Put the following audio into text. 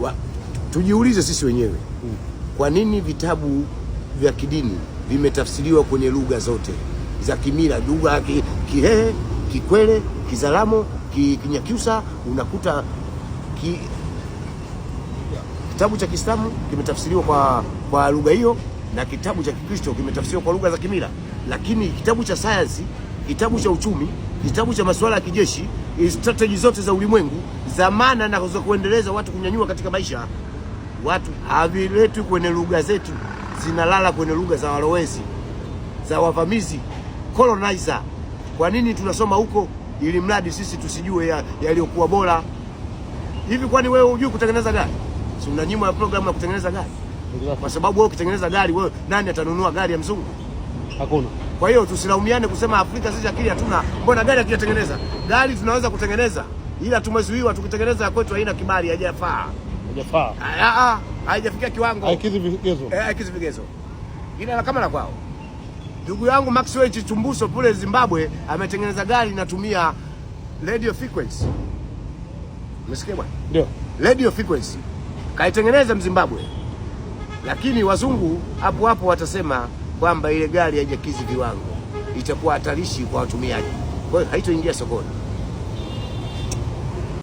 wa, tujiulize sisi wenyewe hmm. Kwa nini vitabu vya kidini vimetafsiriwa kwenye lugha zote za kimila, lugha ki, Kihehe, Kikwele, Kizalamo, ki, Kinyakyusa, unakuta ki, kitabu cha Kiislamu kimetafsiriwa kwa, kwa lugha hiyo na kitabu cha Kikristo kimetafsiriwa kwa lugha za kimila, lakini kitabu cha sayansi, kitabu cha uchumi Kitabu cha masuala ya kijeshi, strategy zote za ulimwengu za maana na za kuendeleza watu kunyanyua katika maisha, watu haviletwi kwenye lugha zetu, zinalala kwenye lugha za walowezi, za wavamizi, colonizer. Kwa nini tunasoma huko ili mradi sisi tusijue yaliyokuwa ya bora? Hivi kwani wewe hujui kutengeneza gari? Si unanyima programu ya kutengeneza gari? Kwa sababu wewe ukitengeneza gari, wewe nani atanunua gari ya mzungu? Hakuna. Kwa hiyo tusilaumiane kusema Afrika sisi akili hatuna. Mbona gari hatujatengeneza? Gari tunaweza kutengeneza, ila tumezuiwa. Tukitengeneza kwetu haina kibali, haijafaa, haijafaa, ah, haijafikia kiwango, haikizi vigezo, eh, haikizi vigezo, ila kama la kwao ndugu yangu Maxwell Chichumbuso kule Zimbabwe ametengeneza gari inatumia radio frequency. Umesikia bwana? Ndio. Radio frequency. Kaitengeneza Mzimbabwe. Lakini wazungu hapo hapo watasema kwamba ile gari haijakizi viwango, itakuwa hatarishi kwa watumiaji, kwa hiyo haitoingia sokoni.